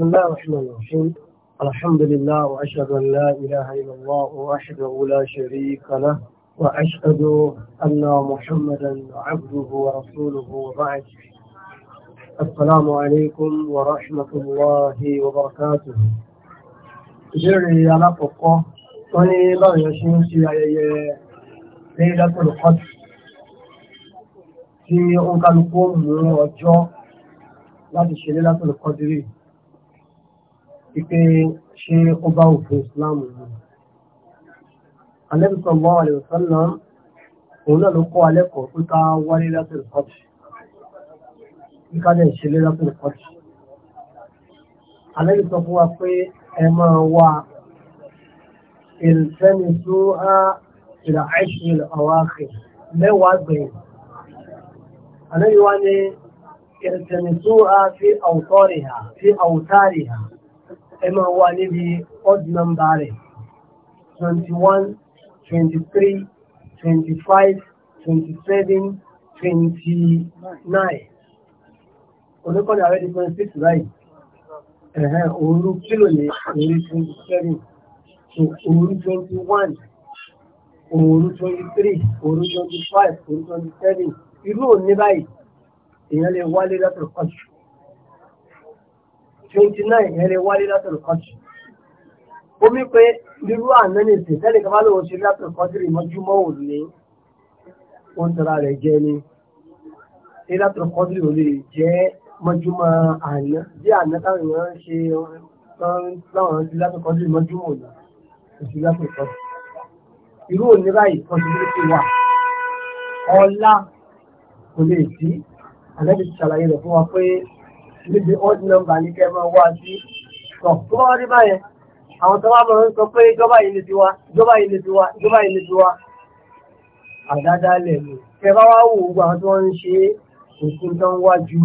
بسم الله الرحمن الرحيم الحمد لله وأشهد أن لا إله إلا الله وحده لا شريك له وأشهد أن محمدا عبده ورسوله وبعد السلام عليكم ورحمة الله وبركاته جري على فقه وني لا يشمسي علي ليلة القدر في أنك القوم وجو لا تشيل ليلة القدر wípé ṣé ó bá òfin Islam mu. Ànábì sallallahu alaihi wasallam òun náà ló kọ́ alẹ́ kọ̀ọ́ pé ká wáyé látìlú kọ́ọ̀tù. Kíká dẹ̀ ṣe lé látìlú kọ́ọ̀tù. Ànábì sọ fún wa pé ẹ máa wá ìlfẹ́nisú á ìlà àìsí ìlà àwáàkì mẹ́wàá gbẹ̀yìn. Ànábì wá ní ìlfẹ́nisú á fi àwùtọ́rìhà fi àwùtárìhà ẹ máa wà níbi odd number rẹ̀ twenty one twenty three twenty five twenty seven twenty nine oníkọ́ni àwẹ́ di twenty six right ẹ̀hẹ́n òru kílò ní òru twenty seven So òru twenty one òru twenty three òru twenty five òru twenty seven irú òní báyìí èèyàn lè wálé látọ̀ kọ́jú. 29 nine yẹn lè wáyé látọ̀lù kọ́tù ó wí pé irú àná ní ìsìn tẹ́lẹ̀ kan bá lóun ṣe látọ̀lù kọ́tù rí mọ́júmọ́ òní ó ń tara rẹ̀ jẹ ni ṣe látọ̀lù kọ́tù rí ò lè jẹ́ mọ́júmọ́ àná bí àná táwọn èèyàn ṣe láwọn ṣe látọ̀lù kọ́tù rí mọ́júmọ́ òní kò sí látọ̀lù kọ́tù irú òní báyìí wà ọ̀la kò lè sí àlẹ́ ti ṣàlàyé rẹ̀ fún wa pé níbi old number ní kẹ́ máa wá sí sọ tó bá wá rí báyẹn àwọn tó wá máa ń sọ pé ìjọba yìí lè ti wá ìjọba yìí lè ti wá ìjọba yìí lè ti wá àdáadáa lẹ̀ ni kẹ́ bá wá wò gbogbo àwọn tó ń ṣe òkun tó ń wá ju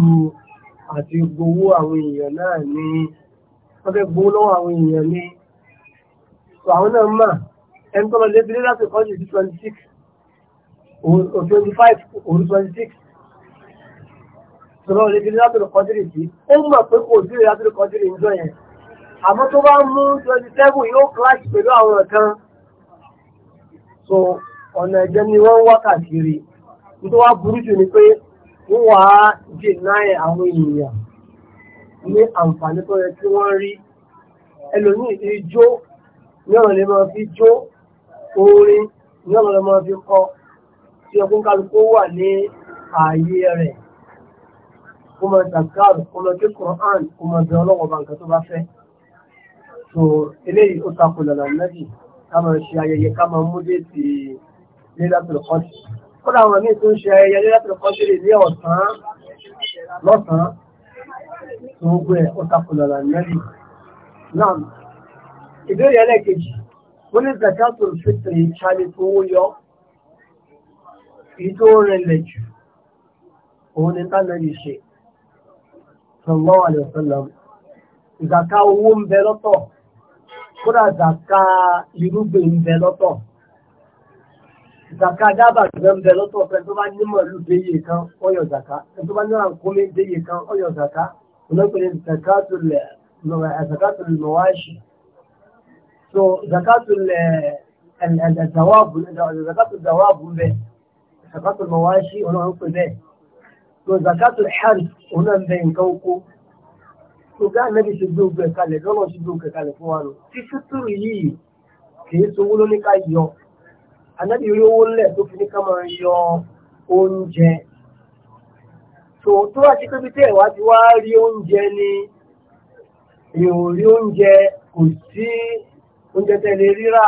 àti gbowó àwọn èèyàn náà ní wọ́n fẹ́ gbowó lọ́wọ́ àwọn èèyàn ní àwọn náà mà ẹni tó lọ lé fi lé láti kọ́jú sí twenty six òru twenty five òru twenty six sọ̀rọ̀ lè fi látòrò kọjúrì sí ó mọ̀ pé kò sí látòrò kọjúrì níjọ yẹn àmọ́ tó bá mú twenty yóò clash pẹ̀lú àwọn kan so ọ̀nà ẹ̀jẹ̀ ni wọ́n wá káàkiri nítorí wá burú jù ni pé wọ́n wá dènà àwọn ènìyàn ní àǹfààní tó yẹ kí wọ́n rí ẹlòmíì ijó ní ọ̀nà lè máa fi jó orin ní ọ̀nà lè máa fi kọ tí ọkùnrin wà ní ààyè rẹ̀ kó máa dàgbàrù kó máa ké Quran kó máa bẹ ọlọ́wọ́ bá nǹkan tó bá fẹ́. so eléyìí ó takò lọ́nà nẹ́bì ká máa ṣe ayẹyẹ ká máa mú dé ti Lailatul Qadr. kódà àwọn míì tó ń ṣe ayẹyẹ Lailatul Qadr ní ọ̀sán lọ́sàn-án tó ń gbé ó takò lọ́nà nẹ́bì. náà ìbéèrè ẹlẹ́ẹ̀kejì wọ́n ní zakatul fitri ìṣàlẹ̀ tó wó yọ èyí tó rẹlẹ̀ jù òun ni tánàlì ṣe sallallahu alaihi wasallam ìzàká owó ń bẹ lọ́tọ̀ kódà ìzàká irúgbìn ń bẹ lọ́tọ̀ ìzàká dábà gbẹ ń bẹ lọ́tọ̀ pé tó bá ní màlúù déyè kan ọyọ ìzàká tó bá ní àǹkómi déyè kan ọyọ ìzàká olóògbé eh, zakatul mawashi so zakatul eh, Lo zakatu hajj òun náà ń bẹ nǹkan oko ṣùgbọ́n ànábì ṣe gbé ogun ẹ̀ka lẹ̀ lọ́nà ṣe gbé ogun ẹ̀ka lẹ̀ fún wa lọ tí fútúrù yìí kì ni sowó lóní ká yọ ànábì rí owó lẹ̀ tó fi ní ká ni èèyàn ò rí oúnjẹ kò sí oúnjẹ tẹ́lẹ̀ rírà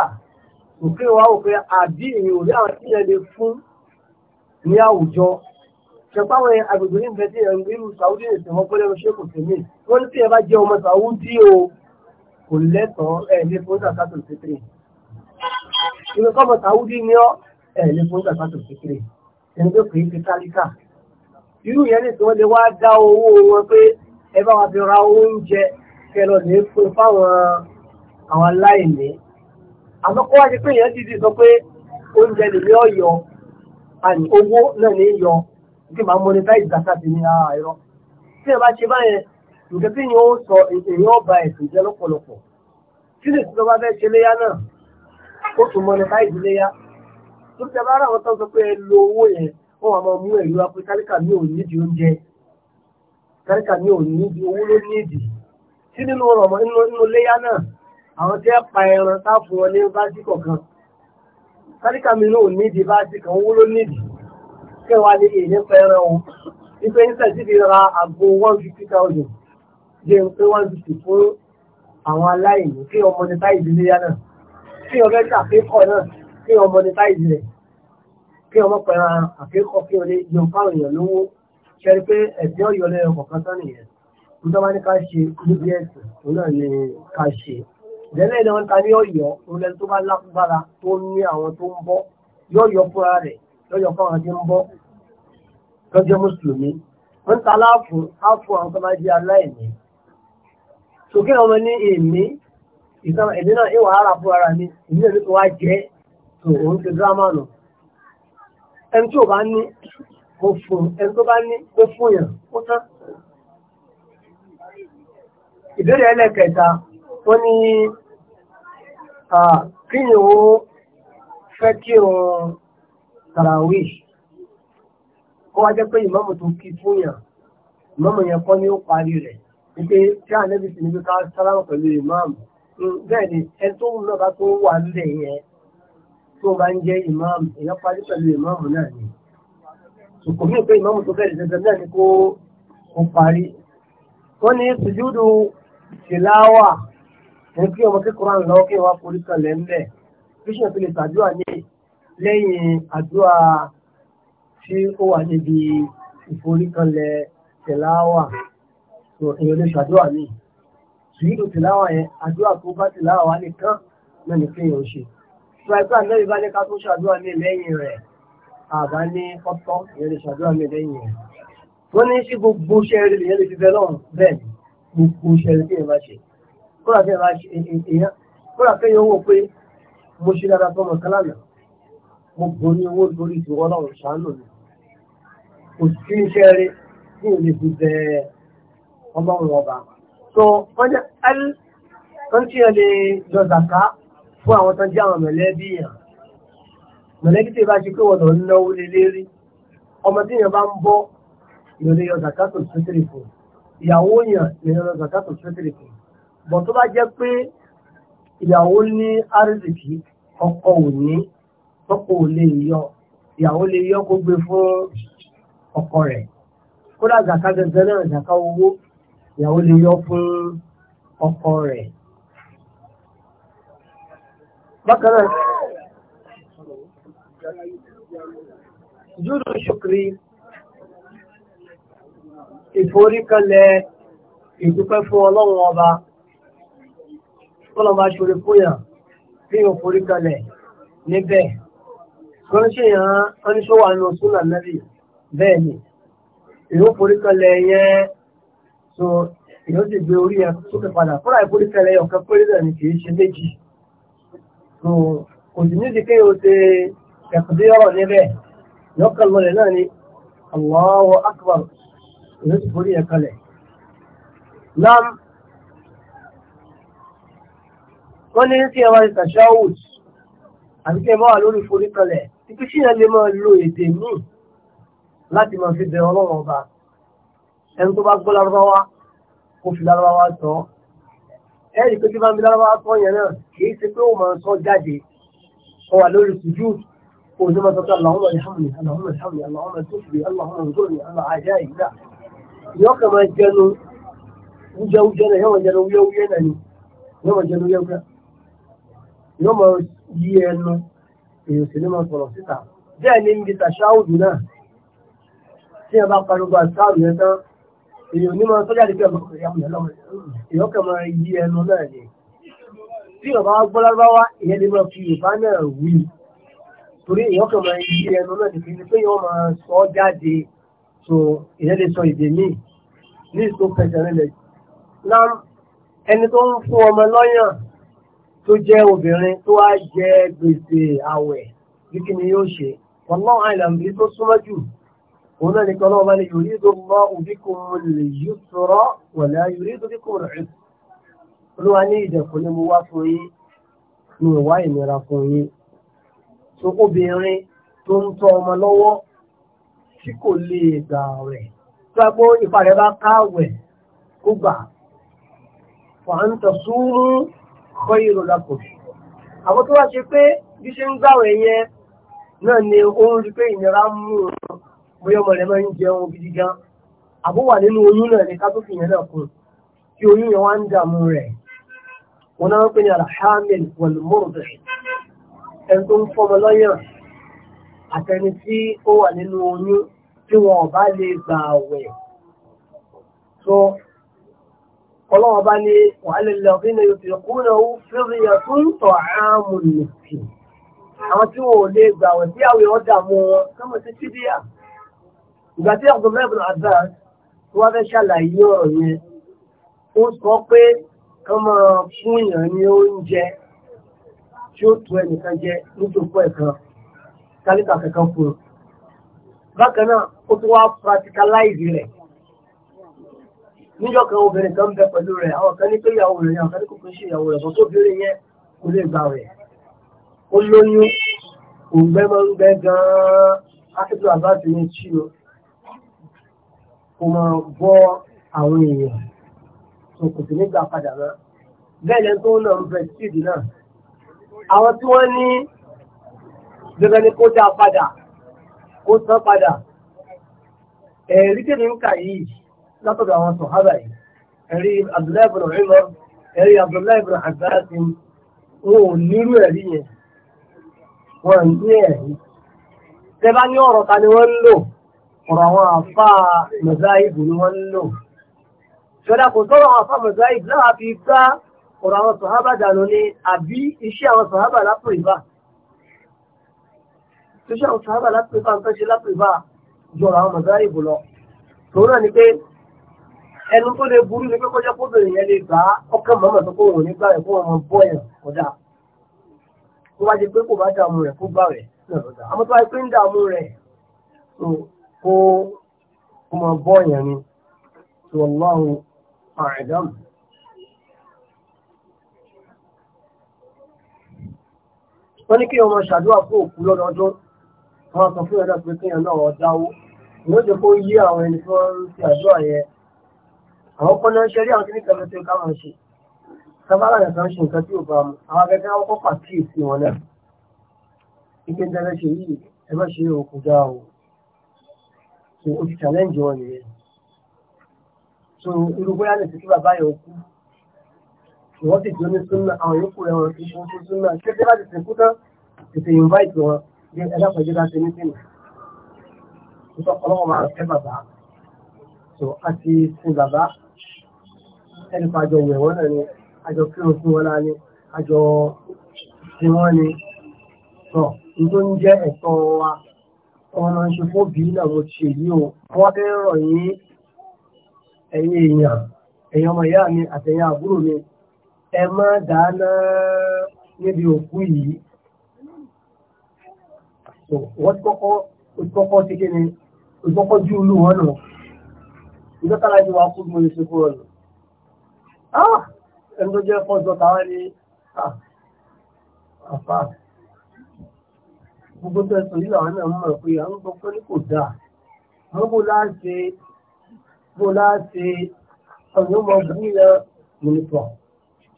òfin wa ò fẹ́ àbí èèyàn ò rí àwọn tí yẹn lè ṣẹ̀páwọn agbègbè ní ìgbẹ́tí ẹ̀rù irú Saudi èsì wọn gbọ́dọ̀ ṣe kò tèmi wọ́n ní tí ẹ bá jẹ́ ọmọ Saudi o kò lẹ́tọ̀ọ́ ẹ̀ ní fún zakato fitri ìlú kọ́mọ Saudi ni ọ́ ẹ̀ ní fún zakato fitri ẹni tó kìí fi kálíkà irú yẹn ní tí wọ́n wá dá owó wọn pé ẹ bá wa fi ra oúnjẹ kẹlọ lè fún fáwọn àwọn aláìní àmọ́kọ́ wá ti pé yẹn ti di sọ pé oúnjẹ lè ní ọ̀yọ́ nígbà máa monetize data ti ní ara ah, ẹ̀rọ tí ẹ bá ṣe báyẹn nǹkan tí yóò sọ èèyàn ọba ẹ̀sìn jẹ́ lọ́pọ̀lọpọ̀ kí lè tún bá fẹ́ ṣe léyà náà ó tún monetize léyà tó ti bá ara wọn tán sọ pé ẹ lo owó yẹn wọn wà máa mú ẹ̀rí wá pé káríkà mi ò nídi oúnjẹ káríkà mi ò nídi owó ló nídi tí nínú ọ̀rọ̀ nínú léyà náà àwọn tí ẹ pa ẹran tá wọn ní báàsì kọ̀ọ̀kan káríkà mi náà ò nídi báàsì kan owó ló nídi kẹwàá ní èyí pẹ̀rẹ̀ wọn wípé ní sẹ́sìdì ra àgbo one fifty thousand jẹ́ pé one fifty fún àwọn aláìní kí ọmọ ní táyì ìdílé yá náà kí ọmọ ṣàfihàn náà kí ọmọ ní táyì ìdílé kí ọmọ pẹ̀rẹ̀ àfihàn kí ọdẹ yọ fáwọn èèyàn lówó ṣẹ́rí pé ẹ̀sìn ọ̀yọ́ lẹ́yìn kọ̀ọ̀kan tán nìyẹn nígbà máa ní ká ṣe níbi ẹ̀sìn òun náà ní ká ṣe ìdẹ́lẹ́yìn náà ń ta ní ọ̀yọ́ òun lẹ́nu tó bá lágbára tó ní àwọn tó ń bọ́ yọ̀ọ̀yọ́ fúnra rẹ̀ lọ́yọ̀ fún àwọn tí ń bọ́ mùsùlùmí wọ́n ta láàfù áfù àwọn tó máa di aláìní sókè ọmọ ní èmi ìtàn èmi náà ìwà ara fún ara mi èmi náà nípa wá jẹ́ tó òun ti dírámà nù ẹni tí bá ní mo fún ẹni tó bá ní mo fún yàn ó tán ìbéèrè ẹlẹ́kẹta wọ́n ní kí ni òun fẹ́ kí òun tàràwí kó wá jẹ́ pé ìmáàmù tó kí fún yàn yẹn kọ́ ni ó parí rẹ̀ wípé tí ànábì sì ní ká sálámù pẹ̀lú hmm, bẹ́ẹ̀ ni ẹni tó ń lọ́ba tó wà nílẹ̀ yẹn tó bá ń jẹ́ ìmáàmù èèyàn parí pẹ̀lú ìmáàmù náà ni kò mí pé tó bẹ̀rẹ̀ náà ni kó parí wọ́n ní sùjúdù tìláwà ọmọ kékeré kí wọ́n forí kan lẹ́ńbẹ̀ bí lẹ́yìn àdúrà tí ó wà níbi ìforíkanlẹ̀ tẹ̀láwà tó èèyàn lè ṣàdúrà ní ṣùgbọ́n tẹ̀láwà yẹn àdúrà tó bá tẹ̀láwà wà nìkan náà ní kéèyàn ṣe ṣùgbọ́n náà ìbá ní ká tó ṣàdúrà ní lẹ́yìn rẹ̀ àbá ní ọ̀tọ̀ èèyàn lè ṣàdúrà ní lẹ́yìn rẹ̀ wọ́n ní sí gbogbo ṣẹ́rí lèyàn lè fi bẹ́ẹ̀ lọ́rùn bẹ́ẹ̀ gbogbo ṣẹ́rí tí èèyàn bá ṣe kódà tí kéèyàn wò pé mo ṣe dáadáa fọmọ kan lánàá mo borí owó lórí ìṣòro ọlọ́run ṣàánú mi kò sí iṣẹ́ rí tí ò lè bẹ ọlọ́run ọba so wọ́n jẹ́ ẹl kan tí ẹ lè jọ zàká fún àwọn tó jẹ́ àwọn mẹ̀lẹ́bí yàn mẹ̀lẹ́bí tí ì ṣe pé wọ́n lọ ń náwó lé lérí ọmọ tí yẹn bá ń bọ́ ìrọ̀lẹ́ yọ zàká tó ṣẹ́tìrì fún ìyàwó yàn ìrọ̀lẹ́ yọ zàká tó ṣẹ́tìrì fún bọ̀ tó bá jẹ́ pé ìyàwó ní àrísìkí ọkọ ò tọ́kọ lè yọ ìyàwó lè yọ kó gbé fún ọkọ rẹ̀ kódà zaka gẹ́gẹ́ náà zaka owó ìyàwó lè yọ fún ọkọ rẹ̀ bákan náà júdù ṣùkúrí ìforíkalẹ̀ ìdúpẹ́ fún ọlọ́run ọba kọ́lọ̀ máa ṣòro fún yàn fi ìforíkalẹ̀ níbẹ̀ kan ṣe yàn án ní ṣọ́wà ní ọ̀ṣúnà lẹ́bí bẹ́ẹ̀ ni ìyóò forí yẹn so ìyóò sì gbé orí ẹ̀ sókè padà fúnra ìforí kalẹ̀ yẹn ọ̀kan péré ni kì í ṣe méjì so kò sì ní ìdíkẹ́ yóò ṣe ẹ̀kùdé ọ̀rọ̀ níbẹ̀ yóò kàn lọlẹ̀ náà ni Allahu akbar ìyóò sì forí ẹ̀ kalẹ̀ nam wọ́n ní kí ẹ wá ní tàṣáwùd àti kí ẹ bá forí kalẹ̀ ibi tí yẹn lè máa lo èdè míì láti máa fi bẹ̀rẹ̀ ọlọ́run ọba ẹni tó bá gbọ́ lárúbáwá kó fi lárúbáwá sọ ẹ̀rí pé tí bá ń fi lárúbáwá sọ yẹn náà kìí ṣe pé ó máa sọ jáde ó wà lórí sùjú òun ló máa sọ pé aláhùnmọ̀ ní hàmùnì aláhùnmọ̀ ní hàmùnì aláhùnmọ̀ tó fi aláhùnmọ̀ ní gbòòrò ní àmà àjá ìgbà ìyọ́ kan máa jẹnu wújẹwújẹ náà yọ́ máa jẹnu wúyẹwúyẹ náà ni yọ́ máa jẹnu wúyẹwúyẹ yọ́ máa yí ẹnu èyí sì ní máa sọ̀rọ̀ síta bẹ́ẹ̀ ni níbi tàṣáwùdù náà tí ẹ bá pariwo àṣáwùdù yẹn tán èyí ò ní máa sọ́jà lè kẹ́ èyí ọkẹ́ máa yí ẹnu náà ni tí ọba gbọ́ lárúbáwá ìyẹn lè máa fi Yorùbá náà wí torí èyí ọkẹ́ máa ẹnu náà ni kì í pé yọ máa sọ jáde so ìyẹn lè sọ èdè míì ní ìsopẹ̀sẹ̀ rẹ̀ lẹ̀ tó jẹ́ obìnrin tó wá jẹ gbèsè àwẹ̀ bí kí ni yóò ṣe wallahu a'lam bí tó súnmọ́ jù òun náà ní kí ọlọ́wọ́ bá ní yuridu Allahu bikumul yusra wala yuridu bikumul usra olúwa ní ìdẹ̀kùn ni mo wá fún yín ní ìwá ìnira fún yín tó obìnrin tó ń tọ́ ọmọ lọ́wọ́ tí kò lè gbà rẹ̀ tó agbó ìfà rẹ̀ bá káwẹ̀ kó gbà fàǹtà súnmú kọ́ ìrò lápò àwọn tó wá ṣe pé bí ṣe ń gbàwẹ̀ yẹn náà ni ó ń rí pé ìnira ń mú un bóyá ọmọ rẹ̀ máa ń jẹun gidi gan àbó wà nínú oyún náà ní kátókì yẹn náà kún kí oyún yẹn wá ń dààmú rẹ̀ wọn náà ń pè ní alhamil wàlúmọ́rọ̀dẹ̀ ẹni tó ń fọmọ lọ́yàn àtẹni tí ó wà nínú oyún tí wọn ò bá lè gbà wẹ̀ ọlọ́wọ́ bá ní wàhálẹ̀lẹ̀ ní yóò fi kún náà fíríyà tó ń tọ̀ ààmù nìkì àwọn tí wọn ò lè gbà wọ́n tí àwọn èèyàn dààmú wọn kọ́mọ̀ sí tídíà ìgbà tí ọ̀gbọ̀n mẹ́bùn àgbà tó wá fẹ́ ṣàlàyé ọ̀rọ̀ yẹn ó sọ pé kán fún èèyàn ní oúnjẹ tí ó tu ẹnìkan jẹ nítòpọ̀ ẹ̀kan kálíkà kankan fún un bákan náà ó tún wá practicalize rẹ̀ níjọ́ kan obìnrin kan bẹ pẹ̀lú rẹ̀ àwọn kan ní pé ìyàwó rẹ̀ ni àwọn kan ní kò kí ń ṣe ìyàwó rẹ̀ bọ́ tó bèrè yẹn kò lè gbà rẹ̀ ó lóyún òǹgbẹ́ máa ń gbẹ́ gan-an ákẹ́tù àbáṣe ní chino kò máa gbọ́ àwọn èèyàn tó kò sí nígbà padà náà bẹ́ẹ̀ lẹ́nu tó ń nà ń bẹ síìdì náà àwọn tí wọ́n ní gbẹgbẹ́ ni kó dá padà kó san padà ẹ̀rí tèmi ń kà yìí látọ̀dọ̀ àwọn sọ̀hábà yìí ẹ̀rí Abdullahi bin Umar ẹ̀rí Abdullahi bin Abbas wọn ò nírú ẹ̀rí yẹn wọn ní ẹ̀rí tẹ́bá ní ọ̀rọ̀ ta ni wọ́n ń lò ọ̀rọ̀ àwọn àfá mọ̀záìbù ni wọ́n ń lò ṣọ́dá kò sọ́rọ̀ àwọn àfá mọ̀záìbù láwà fi gbá ọ̀rọ̀ àwọn sọ̀hábà dànù ni àbí iṣẹ́ àwọn sọ̀hábà lápò ìbá iṣẹ́ àwọn sọ̀hábà lápò ìbá ń fẹ́ ṣe lápò ìbá jọ̀rọ̀ àwọn mọ̀záìbù lọ tòun náà ni pé ẹnu tó lè burú ni pé kọjá kóbìnrin yẹn lè bá ọkàn mọ́mọ́ tó kóhùn nígbà rẹ̀ kó wọn bọ́ ẹ̀ kọjá tó wá di pé kò bá dààmú rẹ̀ kó gbà rẹ̀ àmọ́ tó wá pé ń dààmú rẹ̀ kó kó bọ́ yẹn ni tó lọ́hùn àìdáàmù. wọ́n ní kí ọmọ ṣàdúrà fún òkú lọ́dọọdún wọ́n sọ fún ẹ̀dá pé kéèyàn náà ọ̀dáwó ìyóòjẹ́ kó yí àwọn ẹni tí ń ṣe àdúrà yẹn àwọn kọ́nà ń ṣẹ́rí àwọn kìíní kan tó káwọn ṣe sábàlá nìkan ṣe nǹkan tí ò bá mu àwọn akẹ́kẹ́ wọn kọ́ pàkíyèsí wọn náà ike ń tẹ́lẹ̀ ṣe yìí ẹ má ṣe òkú dá o so o ti challenge wọn nìyẹn so irú bóyá lè fi bàbá yẹn kú ìwọ́n sì dúró ní súnmọ́ àwọn yòókù rẹ̀ wọn ìṣòro tó súnmọ́ ṣé bí wọ́n ti sìnkú tán tètè invite wọn bí ẹlẹ́pàájẹ́ bá ṣe ní sínú ìṣọ́kọ́ lọ́wọ́ máa ń fẹ́ bàbá so a ti sin bàbá ẹnìkan àjọ wẹ̀ wọ́n náà ni àjọ kírun fún wọn náà ni àjọ tí wọ́n ni sọ nítorí ń jẹ́ ẹ̀tọ́ wa wọn máa ń ṣe fóbi náà mo ti èyí o wọ́n fẹ́ rọ̀ yín ẹ̀yin èèyàn ẹ̀yin ọmọ ìyá mi àtẹ̀yin àbúrò mi ẹ má dáná níbi òkú yìí wọ́n ti kọ́kọ́ kọ́kọ́ ti kéde ìkọ́kọ́ jú olú wọn nù ìjọ́tàlájú wa kú mo lè kúrò nù. Ah! ẹni tó jẹ́ fọ́sọ̀ tàwọn ni ah, àfà gbogbo tó ẹ̀sùn yìí làwọn náà mọ̀ pé àwọn gbọ́ pé kò dáa wọ́n bó láti bó láti ọ̀nà ọmọ ọdún yẹn mìnìtọ̀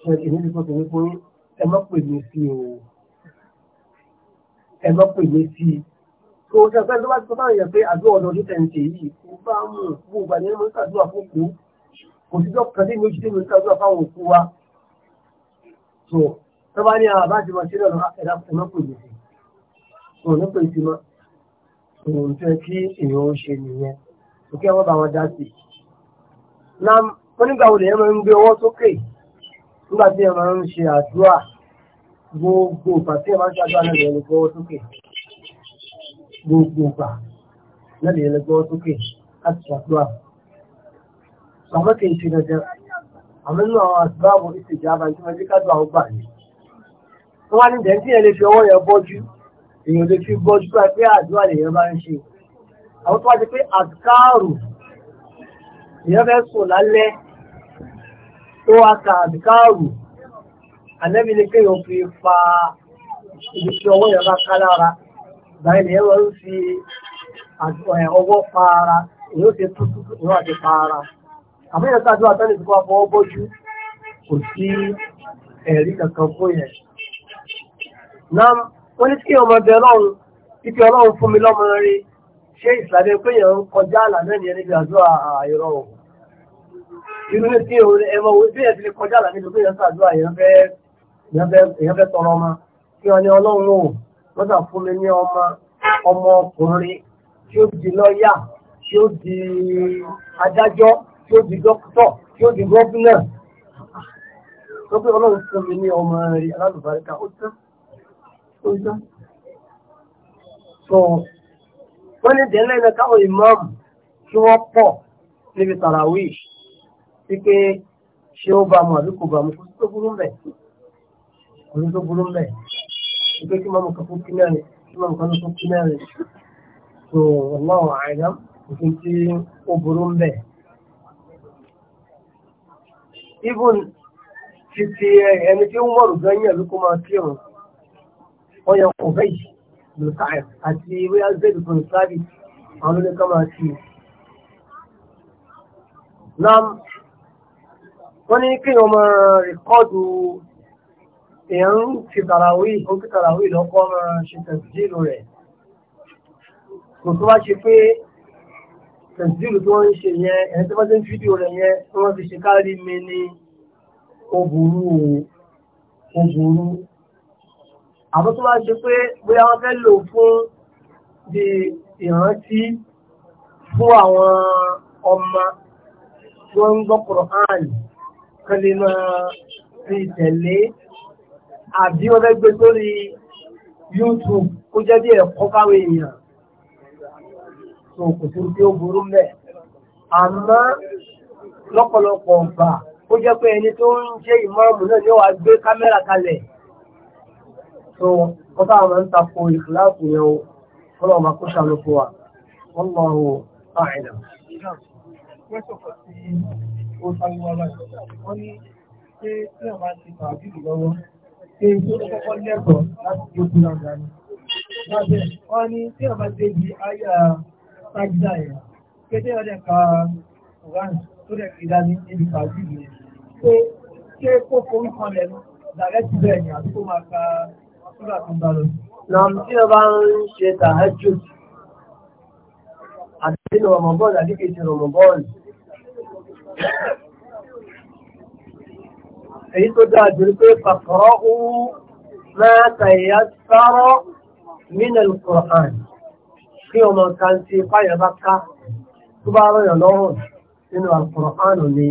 ṣe ìnílùkọ́ tó ní pé ẹ má pè mí sí o ẹ má pè mí sí i kò ṣe ọ̀sẹ̀ bá ti sọ fáwọn pé àdúrà ọ̀dọ̀ ọdún tẹ̀ǹtẹ̀ yìí kò bá mú gbogbo àdéhùn mọ́tàdúrà fún kù kò sí tó kàn sí méjì tó mi tọ́jú àfáwọn òkú wa tó tó bá ní àwọn bá ti mọ sílẹ̀ lọ ẹ̀dá ẹ̀mọ́ pè mí sí wọn ní pè sí mọ́ òun fẹ́ kí èèyàn ó ṣe nìyẹn òkè wọn bá wọn dá sí i. na onígbà wo lèyàn máa ń gbé ọwọ́ sókè nígbà tí ẹ máa ń ṣe àdúrà gbogbo ìgbà tí ẹ máa ń ṣe àdúrà náà lè gbọ́wọ́ sókè gbogbo ìgbà náà lè gbọ́wọ́ sókè láti ṣàdúrà bàbá kì ṣe dandan àmọ́ nínú àwọn àsìbáàbò ìṣèjàmbá tí wọ́n ti ká àwọn gbà ní. wọ́n á ní dẹ́ntì yẹn lè fi ọwọ́ yẹn bọ́jú èèyàn lè fi bọ́jú pé àdúrà lèèyàn bá ń ṣe àwọn tó wá ti pé àkáàrù èèyàn fẹ́ sùn lálẹ́ tó wá ka àkáàrù ànẹ́bí ni kéèyàn fi fa ibi tí ọwọ́ yẹn bá ká lára báyìí lèèyàn wọ́n fi ọwọ́ pa ara èèyàn ti tútù ìwọ́n àmúyẹ̀ sáàdúrà tẹ́lẹ̀ tó wà fọwọ́ bọ́jú kò sí ẹ̀rí kankan fún yẹn. Nam wọ́n ní kí ọmọ bẹ ọlọ́run títí ọlọ́run fún mi lọ́mọ rí ṣé ìsìlámẹ́ pé yẹn ń kọjá àlà náà nìyẹn níbi àdúrà àìrọ̀ o. Irú ní kí ẹmọ wo bí ẹ̀sìn lè kọjá àlà níbi pé yẹn sáàdúrà yẹn fẹ́ tọrọ ọmọ kí wọn ní ọlọ́run o wọ́n sà fún mi ní ọmọ ọmọ ọkùnrin tí ó di lọ́ọ̀yà tí ó di adájọ́ tí ó di dókítọ̀ tí ó di gọ́fínà tó pé ọlọ́run fún mi ní ọmọ rí alálùbáríkà ó tán ó tán sọ wọ́n ní dẹ́lẹ́ iná káwọn ìmáàmù tí wọ́n pọ̀ níbi tàràwí sí pé ṣé ó bá mu àbí kò bá mu kò sí tó burú mbẹ̀ kò sí tó burú mbẹ̀ ìpé kí máa mú kakú kí náà ni kí máa tó kí náà so ọlọ́run àìdá òfin tí ó burú mbẹ̀ even títí ẹni tí ń wọ̀rù gan yàn ló kó máa kí ọ̀run wọ́n yẹ kò fẹ́ yìí lùsáì àti wíyá zed fún sáàbì àwọn olóńgbò máa kí i. nam wọ́n ní kí wọ́n máa rìkọ́dù èèyàn ń fi tàràwí ó fi tàràwí lọ́kọ́ máa ṣe tẹ̀síjì rẹ̀ kò tó bá ṣe pé tẹ̀síìlù tí wọ́n ń ṣe yẹn ẹni tí wọ́n ti ń fídíò rẹ̀ yẹn tí wọ́n fi ṣe kárí mi ní ó burú ó burú. àbọ̀ tó bá ṣe pé bóyá wọ́n fẹ́ lò fún bí ìrántí fún àwọn ọmọ tí wọ́n ń gbọ́ Quran kan máa fi tẹ̀lé àbí wọ́n fẹ́ gbé sórí YouTube kó jẹ́ bí ẹ̀kọ́ fáwọn èèyàn tó kò sí tí ó burú mẹ́ àmọ́ lọ́pọ̀lọpọ̀ ọ̀gbà ó jẹ́ pé ẹni tó ń jẹ́ ìmáàmù náà yóò wá gbé kámẹ́rà kalẹ̀ tó kọ́tà àwọn ń tako ìkìláàfù yẹn o kọ́lọ̀ ọ̀ma kó ṣàlù fún wa wọ́n mọ àwọn àìlà. Wọ́n ní pé tí wọ́n máa ti pàdé lọ́wọ́ pé tó kọ́kọ́ lẹ́kọ̀ọ́ láti gbé kúrò àgbà ni. Wọ́n ní tí wọ́n máa débi ayé sájídà yẹn kété ọdẹ ka quran tó dẹ̀ fi dání níbi pàdé yẹn pé ṣé kó forí kan lẹ́nu dàrẹ́tì bẹ́ẹ̀ ni àti kó máa ka sígbà tó ń bá lọ. Nam tí o ń ṣe tàájú àti nínú ọmọ bọ́ọ̀lù àti ọmọ bọ́ọ̀lù. Èyí tó dáa jù pé fàkọ̀rọ̀ ó máa tàyà sárọ̀ nínú al kí ọmọ kan ti páyà bá ká tó bá rọ̀yàn lọ́rùn nínú àkùránù ni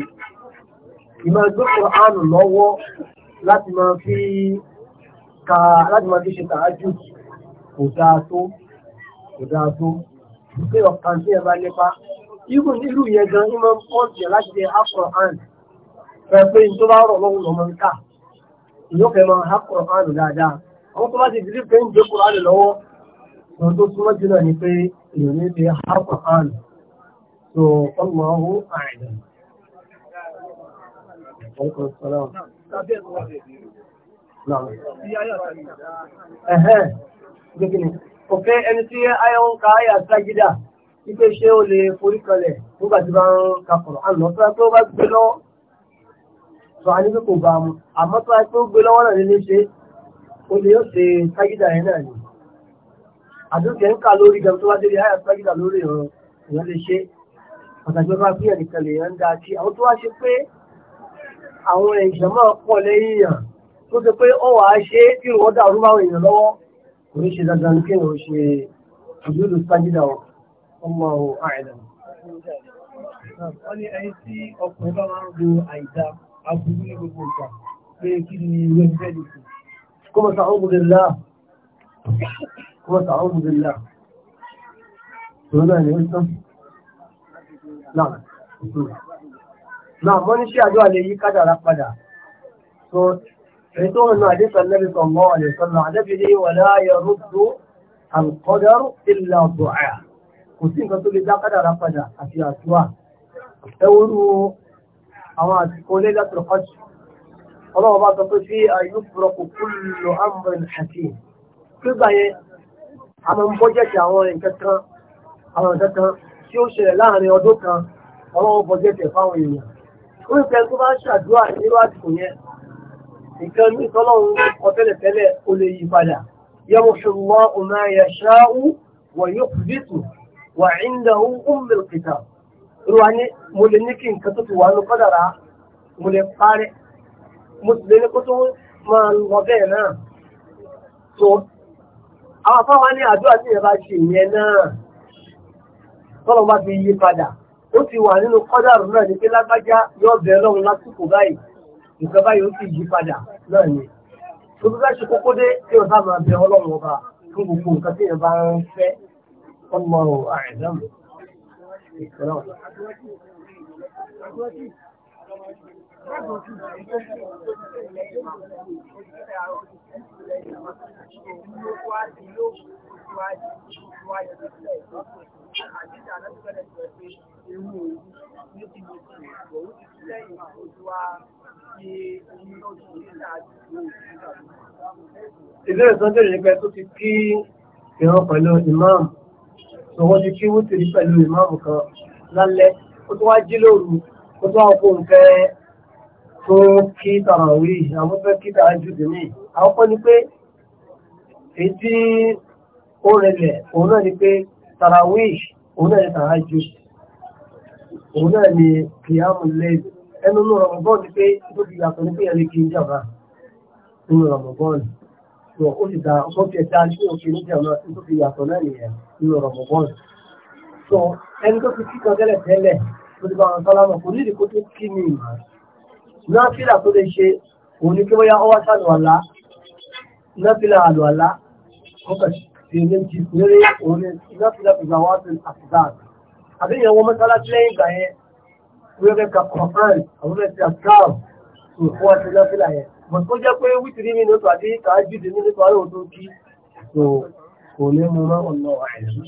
ìmọ̀ ẹgbẹ́ kùránù lọ́wọ́ láti máa fi ka láti máa fi ṣe tàájú kò dáa tó kò dáa tó pé ọ̀kan tí ẹ bá nípa irú nílùú yẹn gan ní máa ń pọ́ǹtì láti ṣe àkùránù fẹ́ pé tó bá rọ̀ lọ́wọ́ lọ́mọ ń kà ìyókè máa àkùránù dáadáa àwọn tó bá ti dìrí pé ń gbé kùránù lọ́wọ́ wọn tó súnmọ́ jùlọ ni pé èèyàn ní ti harpa hàlù so ọmọ ọhún àìdá Òkè ẹni tí ayọ̀ ń ka ayà sájídà wípé ṣé ó lè forí kalẹ̀ nígbà tí bá ń kakọ̀rọ̀ àná tó wá pé ó bá gbé lọ́wọ́ sọ àní kò bá mu àmọ́ tó wá pé ó gbé lọ́wọ́ náà lè ṣe ó lè yóò ṣe sájídà yẹn náà ni àdókẹ́ ń kà lórí gan tó wá débi háyà sájúdà lórí ọ̀rọ̀ èèyàn lè ṣe pàtàkì ọba pé ẹnìkan lè yàn dáa kí àwọn tó wá ṣe pé àwọn èèyàn máa pọ̀ lẹ́yìn yàn tó ṣe pé ó wàá ṣe é kí wọ́n dàrú báwọn èèyàn lọ́wọ́ kò ní ṣe dandan kí wọ́n ṣe àdúrà sájúdà ọmọ àìlẹ̀. wọ́n ní ẹni tí ọkùnrin bá máa ń lo àìdá وتعوذ بالله سؤال يقول نعم نعم wọ́n ní ṣe àjọ àlè yí kádàrá padà so ètò ọ̀nà àdéṣà lẹ́bí sọ̀mọ́ àlèsọ́nà àdébí ní wà láàyè rúdú alkọ́dọ̀rù ìlà ọ̀dọ̀à kò sí nǹkan tó lè dá kádàrá padà àti àtúwà ẹwúrú àwọn àsìkò lé látọ̀ kọ́jú ọlọ́wọ́ bá sọ pé sí ayúfúrọ̀kù kúlù amrin hakim nígbà yẹn àmọ́ ń bọ́jẹ̀tì àwọn nǹkan kan àwọn nǹkan kan tí ó ṣẹlẹ̀ láàrin ọdún kan ọlọ́wọ́ bọ́jẹ̀tì fáwọn èèyàn ó ń pẹ́ tó bá ń ṣàdúrà nírú àsìkò yẹn nǹkan ní ìtọ́lọ́run ọ̀tẹ́lẹ̀tẹ́lẹ̀ ó lè yí padà yẹ́wọ́ ṣùgbọ́n ọ̀nà ẹ̀ṣáú wọ̀nyí kùdìtù wà ìndàhù ummul kitab ruwa ni mo lè ní kí nǹkan tó ti wà ní kọ́dàrà mo lè parẹ́ mo sì lè ní kó tó máa lọ bẹ́ẹ̀ náà àwọn fáwa ní àdúrà tí ìyẹn bá ṣe ìyẹn náà tọ́lọ́ bá fi yí padà ó ti wà nínú kọ́dàrú náà ní pé lágbájá yóò bẹ̀rẹ̀ lọ́run lásìkò báyìí nǹkan báyìí ó sì yí padà náà ni tó bí bá ṣe kókó dé kí ọ̀sá máa bẹ ọlọ́run ọba fún gbogbo nǹkan tí ìyẹn bá ń fẹ́ ọmọ àìsàn ìkọlọ́run. Ìbéèrè tó bèèrè nípa tó ti kí ìran pẹ̀lú ìmáàmù, tó wọ́n ti kí wútìrí pẹ̀lú ìmáàmù kan lálẹ́, ó tó wá jí lóru, ó tó wá fún un fẹ́ tó kí tàràwí àwọn tó kí tàájú dì ní àwọn ni pé èyí ó rẹlẹ̀ òun náà ni pé tàràwí òun náà ni òun náà ni ẹnu ní pé tó yàtọ̀ ní pé kí n jàmbá nínú ó fi ẹ̀dá òkè ní jàmbá tó yàtọ̀ náà nìyẹn nínú ẹni tó tẹ́lẹ̀ tẹ́lẹ̀ tó ti bá wọn kò tó náfílà tó lè ṣe òun ni kí wọ́n yá ọwá sànù àlá náfílà àlù àlá ọkọ̀ sí ilé ti péré òun ni náfílà tó gbàwá sí àfìdáàt àbí ìyẹn wọn mọ́sálásí lẹ́yìn ìgbà yẹn wọ́n fẹ́ ka kọ̀ọ̀kan àwọn fẹ́ ti àkáàrù tó fún wa sí náfílà yẹn mọ̀ tó jẹ́ pé wítìrí mi nìkan àti kàájú dì mí nípa ọ̀rọ̀ tó kí kò ní mo máa ń lọ àìsàn.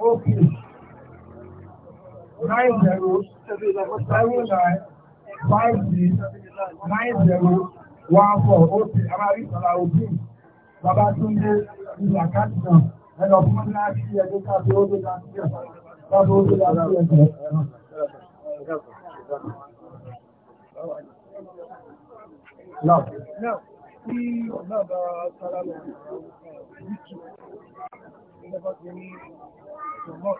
nine zero seven nine five six zero one four ó ti amárí sọ̀rọ̀ òbí bàbá tó ń gbé lẹ́kọ̀ọ́ ti ní ṣùgbọ́n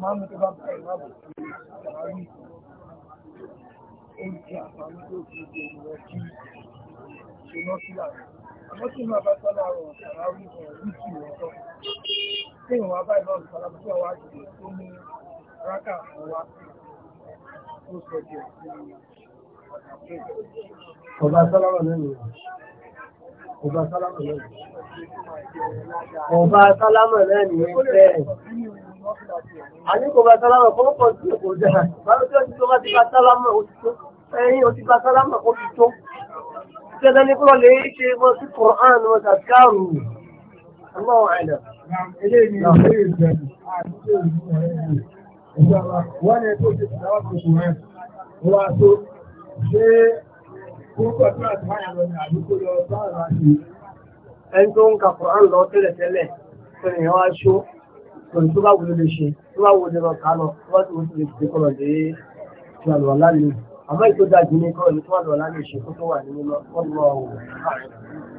máa mú tó bá bẹ̀rẹ̀ máa bọ̀ sí ìṣàwárí oúnjẹ àǹfààní tó fi ṣe ìwọ̀ kí ṣe lọ sí láàrin. Àmọ́ tí máa bá sọ́lá rọ̀ ṣàwárí rẹ̀ ní kí wọ́n tọ́. Tí ìwọ̀n wá báyìí lọ́rùn sọ́lá tó wá jù tó ní rákà fún wa tó sọ jẹ sí ọ̀dà pé. Ọba sálámà lẹ́nu. Ọba sálámà lẹ́nu. Ọba sálámà náà ní ẹgbẹ́ ẹ̀. Àníkò bá sálámà kọ́ pọ̀ sí èkó dáa. Báwo tí ó ti tó bá ti bá sálámà ó ti tó? Ẹyin ó ti bá sálámà ó ti tó. Ìjọba ẹni tó ń ka Quran lọ tẹ́lẹ̀tẹ́lẹ̀ tó ní wá ṣó tó ní tó bá wúlò lè ṣe tó bá wúlò lọ kà á lọ tó bá tó wúlò lè ṣe kọ́ lọ dé tí wà lọ́wọ́ lánìí àmọ́ ètò dájú ní kọ́ ló tó wà lọ́wọ́ lánìí ṣe tó wà nínú lọ́wọ́